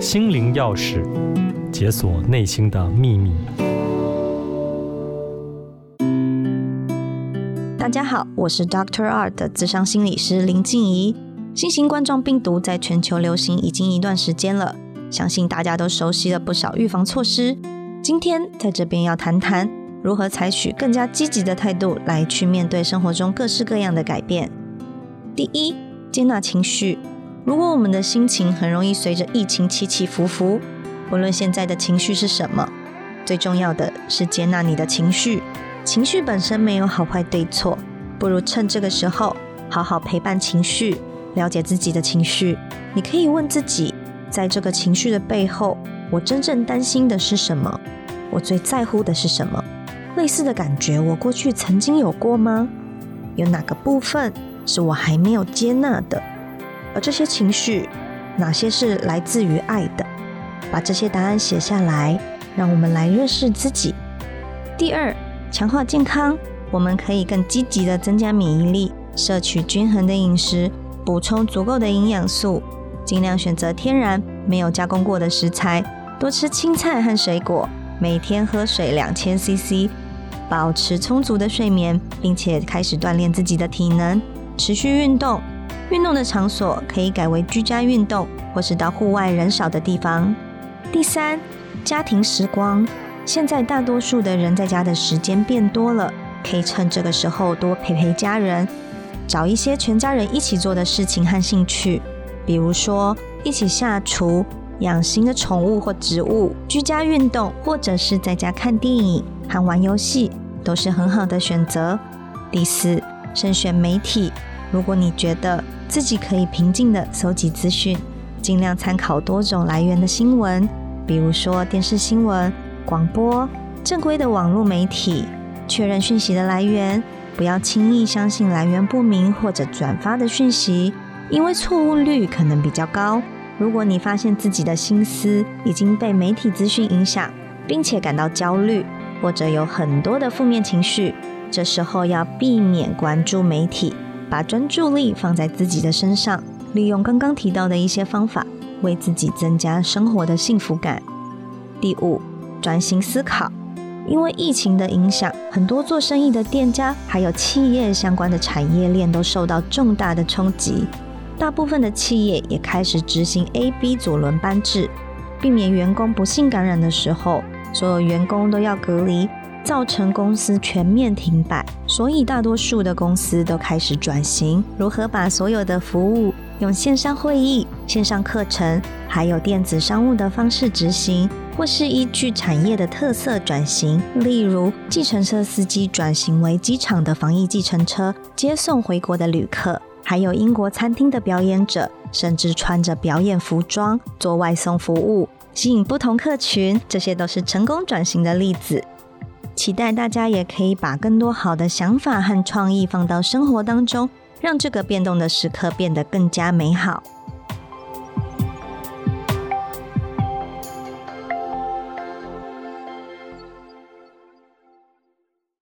心靈鑰匙，解鎖內心的秘密。大家好，我是 Doctor R 的諮商心理師林靜怡。新型冠狀病毒在全球流行已經一段時間了，相信大家都熟悉了不少預防措施。今天在這邊要談談如何採取更加積極的態度來去面對生活中各式各樣的改變。第一，接納情緒。如果我們的心情很容易隨着疫情起起伏伏，無論現在的情緒是什麼，最重要的是接納你的情緒。情緒本身沒有好壞對錯，不如趁這個時候好好陪伴情緒，了解自己的情緒。你可以問自己，在這個情緒的背後，我真正擔心的是什麼？我最在乎的是什麼？類似的感覺，我過去曾經有過嗎？有哪個部分是我還沒有接納的？而這些情緒，哪些是來自於愛的？把這些答案寫下來，讓我們來認識自己。第二，強化健康，我們可以更積極地增加免疫力，攝取均衡的飲食，補充足夠的營養素，盡量選擇天然、沒有加工過的食材，多吃青菜和水果，每天喝水兩千 CC，保持充足的睡眠，並且開始鍛鍊自己的體能，持續運動。運動的場所可以改為居家運動，或是到戶外人少的地方。第三，家庭時光，現在大多數的人在家的時間變多了，可以趁這個時候多陪陪家人，找一些全家人一起做的事情和興趣，比如說一起下廚、養新的寵物或植物、居家運動，或者是在家看電影和玩遊戲，都是很好的選擇。第四，慎選媒體。如果你覺得自己可以平靜的蒐集資訊，盡量參考多種來源的新聞，比如說電視新聞、廣播、正規的網絡媒體，確認訊息的來源，不要輕易相信來源不明或者轉發的訊息，因為錯誤率可能比較高。如果你發現自己的心思已經被媒體資訊影響，並且感到焦慮，或者有很多的負面情緒，這時候要避免關注媒體。把專注力放在自己的身上，利用剛剛提到的一些方法，為自己增加生活的幸福感。第五，專心思考。因為疫情的影響，很多做生意的店家還有企業相關的產業鏈都受到重大的衝擊，大部分的企業也開始執行 A、B 組輪班制，避免員工不幸感染的時候，所有員工都要隔離。造成公司全面停擺，所以大多數的公司都開始轉型，如何把所有的服務用線上會議、線上課程，還有電子商務的方式執行，或是依據產業的特色轉型。例如，計程車司機轉型為機場的防疫計程車，接送回國的旅客；還有英國餐廳的表演者，甚至穿着表演服裝做外送服務，吸引不同客群。這些都是成功轉型的例子。期待大家也可以把更多好的想法和創意放到生活當中，讓這個變動的時刻變得更加美好。